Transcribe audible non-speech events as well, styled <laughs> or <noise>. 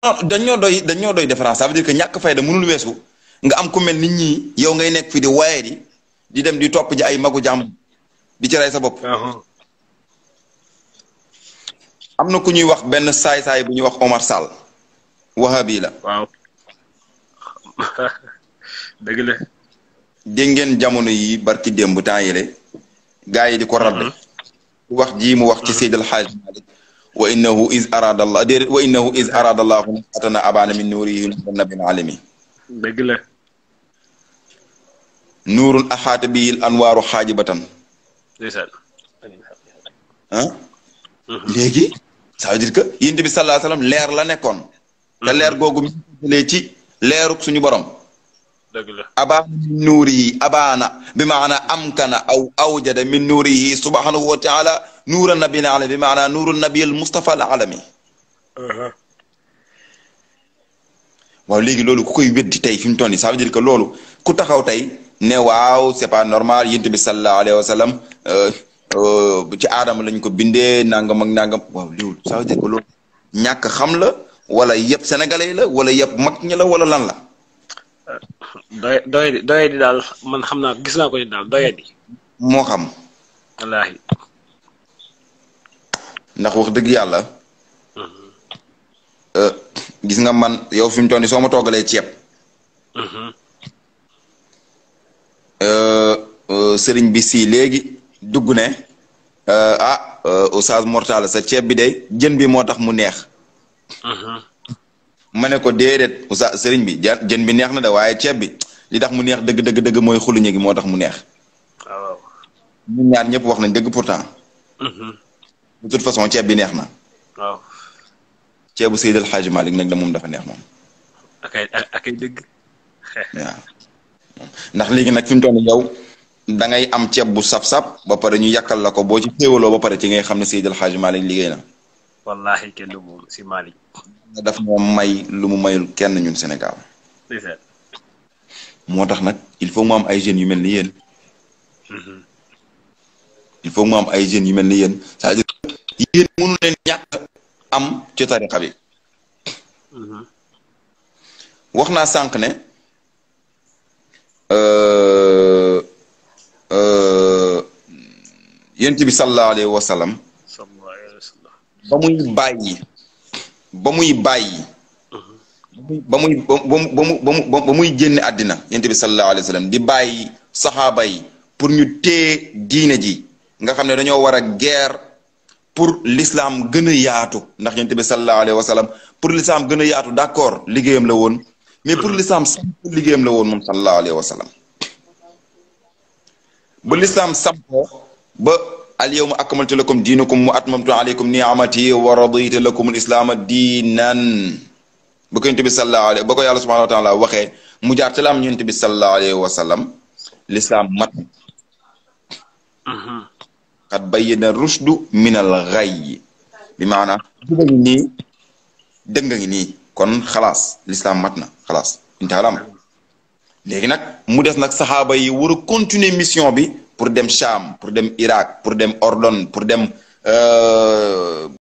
Ah, dañoo doy dañoo doy différence ça veut dire que ñàkk fayda mënul weesu nga am ku mel nit ñi yow ngay nekk fi di waaye di di dem di topp ji ay magu jàmm di ci rey sa bopp. Uh-huh. am na ku ñuy wax benn saay-saay bu ñuy wax Omar Sall wahabi la. <laughs> la. dégg ngeen jamono yi barki démb temps yële. gaa yi di ko rabbe. Uh-huh. wax ji mu wax ci uh-huh. Seydil Hadji وإنه إذ أراد الله دير وإنه إذ أراد الله أن أبان من نوره النبي العالمي بقلة نور أحاط به الأنوار حاجبة ليسال ها ليجي سأجدك ينتبى صلى الله عليه وسلم لير لنا كون لير غوغو ليتي لير سني برام أبان من نوره أبان بمعنى أمكن أو أوجد من نوره سبحانه وتعالى نور النبي العالمي بمعنى نور النبي المصطفى العالمي ولكن لولو كوكو يبت تاي فيم توني سا فدير كو لولو كو تاخاو تاي ني واو سي با نورمال ينتي بي صلى الله عليه وسلم ا بي ادم لا نكو بيندي نانغام اك نانغام واو ليو سا فدير كو لولو نياك خام لا ولا ييب سينغالاي لا ولا ييب ماك ني لا ولا لان لا دوي دوي دوي دال من خمنا غيسنا كو دال دوي دي مو خام والله ndax wax dëgg yàlla. Mhm. Euh, gis nga man yow fi mu toll nii soo ma toggalee ceeb. Mhm. Euh, euh, sëriñ bi si léegi dugg ne ah Oustaz Mor Talla sa ceeb bi de jën bi moo tax mu neex. Mhm. ma ne ko déedéet sëriñ bi jën bi neex na de waaye ceeb bi li tax mu neex dëgg dëgg mooy xuluñe moo tax mu neex. Ah, waaw ñun ñaar ñëpp wax nañ dëgg pourtant. de toute façon ceeb bi neex na. waaw. ceebu Seydil Hadji malik nag da moom dafa neex moom. akay akay ak dëgg. ndax léegi nag fi mu toll yow da ngay am ceeb bu sab-sab ba pare ñu yàkkal la ko boo ci xéewaloo ba pare ci ngay xam ne Seydil Hadji malik liggéey na. wallahi kenn lu moom si Malick. daf moo may lu mu mayul kenn ñun Sénégal. moo tax nag il faut mu am ay jeunes yu mel ni yéen. il faut mu am ay jeunes yu mel ni yéen c'est-à-dire yéen mënu leen ñàkk am ci tarixa bi mhm. wax naa sànq ne euh, euh, yent bi sallallahu alayhi wa sallam ba muy bàyyi ba muy bàyyi mhm. ba muy ba mu ba mu ba muy génn àddina yent bi sallallahu alayhi wa sallam di bàyyi saxaaba yi pour ñu téye diine ji nga xam ne dañoo war a guerre pour l'islam gëna yaatu ndax yonent bi sallallahu alayhi wa sallam pour l'islam gëna yaatu d'accord ligéyam la won mais pour l'islam samp ligéyam la won mom sallallahu alayhi wa sallam ba l'islam sampoo ba al yawma akmaltu lakum dinakum wa atmamtu alaykum ni'amati wa raditu lakum al islam dinan bu ko yonent bi sallallahu alayhi bako yàlla subhanahu wa taala waxe mu jaar ci laam yonent bi sallallahu alayhi wa sallam l'islam mat qad bayyana rushdu minal ghayy bi maanaam jub a ngi nii dëgg a ngi nii kon xalaas lislaam mat na xalaas intaalaam léegi nag mu des nag saxaaba yi war a continuer mission bi pour dem Cham pour dem Irak pour dem Ordon pour dem euh,